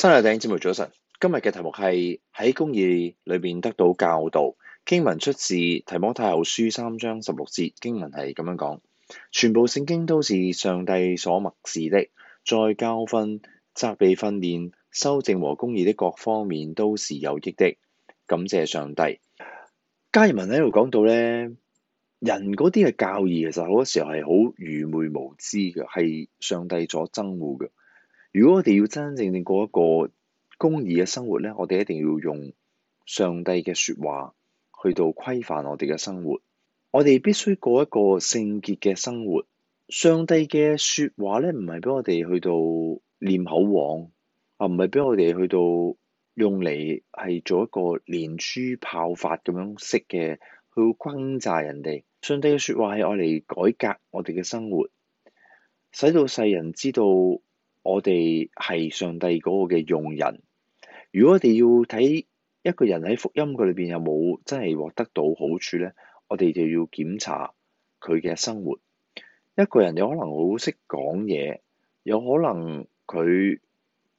新日頂節目早晨，今日嘅題目係喺公義裏面得到教導。經文出自提摩太後書三章十六節，經文係咁樣講：全部聖經都是上帝所默示的，在教訓、責備、訓練、修正和公義的各方面都是有益的。感謝上帝。加爾文喺度講到咧，人嗰啲嘅教義其實好多時候係好愚昧無知嘅，係上帝所憎惡嘅。如果我哋要真正正過一個公義嘅生活咧，我哋一定要用上帝嘅說話去到規範我哋嘅生活。我哋必須過一個聖潔嘅生活。上帝嘅說話咧，唔係俾我哋去到念口簧啊，唔係俾我哋去到用嚟係做一個連珠炮發咁樣式嘅去轟炸人哋。上帝嘅說話係愛嚟改革我哋嘅生活，使到世人知道。我哋係上帝嗰個嘅用人。如果我哋要睇一個人喺福音嘅裏邊有冇真係獲得到好處呢，我哋就要檢查佢嘅生活。一個人有可能好識講嘢，有可能佢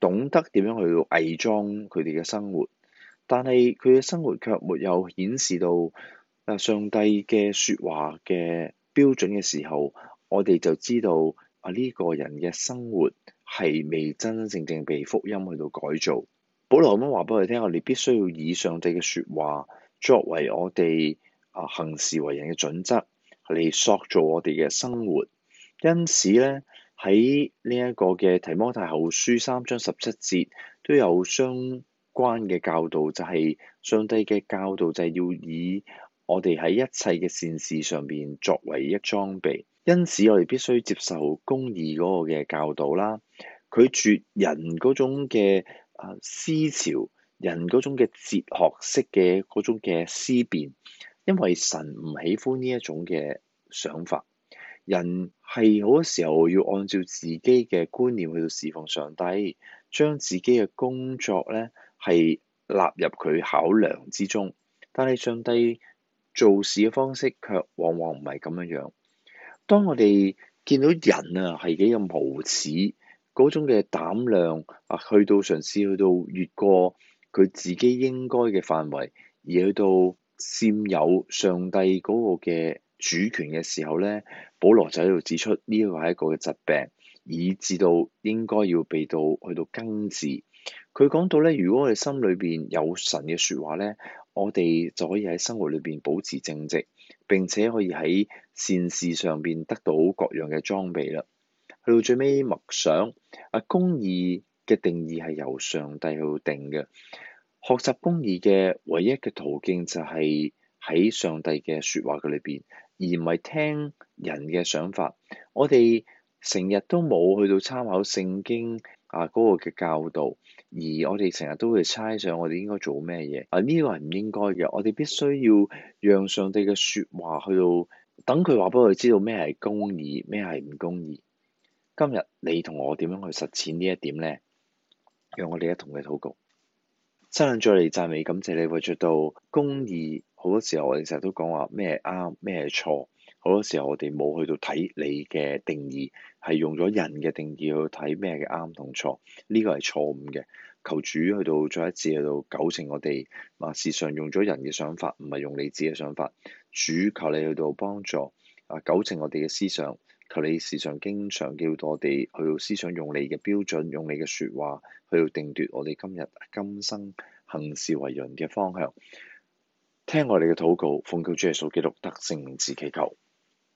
懂得點樣去偽裝佢哋嘅生活，但係佢嘅生活卻沒有顯示到上帝嘅説話嘅標準嘅時候，我哋就知道，啊，呢個人嘅生活，係未真真正正被福音去到改造。保羅咁樣話俾我哋聽，我哋必須要以上帝嘅説話作為我哋啊、呃、行事為人嘅準則嚟塑造我哋嘅生活。因此咧，喺呢一個嘅提摩太後書三章十七節都有相關嘅教導，就係、是、上帝嘅教導就係要以我哋喺一切嘅善事上面作為一裝備。因此，我哋必須接受公義嗰個嘅教導啦。拒絕人嗰種嘅啊思潮，人嗰種嘅哲學式嘅嗰種嘅思辨，因為神唔喜歡呢一種嘅想法。人係好多時候要按照自己嘅觀念去到侍奉上帝，將自己嘅工作咧係納入佢考量之中。但係上帝做事嘅方式卻往往唔係咁樣樣。當我哋見到人啊係幾咁無恥，嗰種嘅膽量啊，去到嘗試去到越過佢自己應該嘅範圍，而去到佔有上帝嗰個嘅主權嘅時候咧，保羅就喺度指出呢個係一個嘅疾病，以至到應該要被到去到根治。佢講到咧，如果我哋心裏邊有神嘅説話咧，我哋就可以喺生活裏邊保持正直。並且可以喺善事上邊得到各樣嘅裝備啦。去到最尾默想啊，公義嘅定義係由上帝去定嘅。學習公義嘅唯一嘅途徑就係喺上帝嘅説話嘅裏邊，而唔係聽人嘅想法。我哋成日都冇去到參考聖經啊嗰個嘅教導。而我哋成日都會猜想，我哋應該做咩嘢？啊，呢個係唔應該嘅。我哋必須要讓上帝嘅説話去到，等佢話俾我哋知道咩係公義，咩係唔公義。今日你同我點樣去實踐呢一點咧？讓我哋一同嘅禱告。真係再嚟讚美感謝你，活著到公義。好多時候我哋成日都講話咩係啱，咩係錯。好多時候，我哋冇去到睇你嘅定義，係用咗人嘅定義去睇咩嘅啱同錯，呢個係錯誤嘅。求主去到再一次去到糾正我哋啊，時常用咗人嘅想法，唔係用你自己嘅想法。主求你去到幫助啊，糾正我哋嘅思想。求你時常經常叫到我哋去到思想用你嘅標準，用你嘅説話去到定奪我哋今日今生行事為人嘅方向。聽我哋嘅禱告，奉主耶穌基督得勝名字祈求。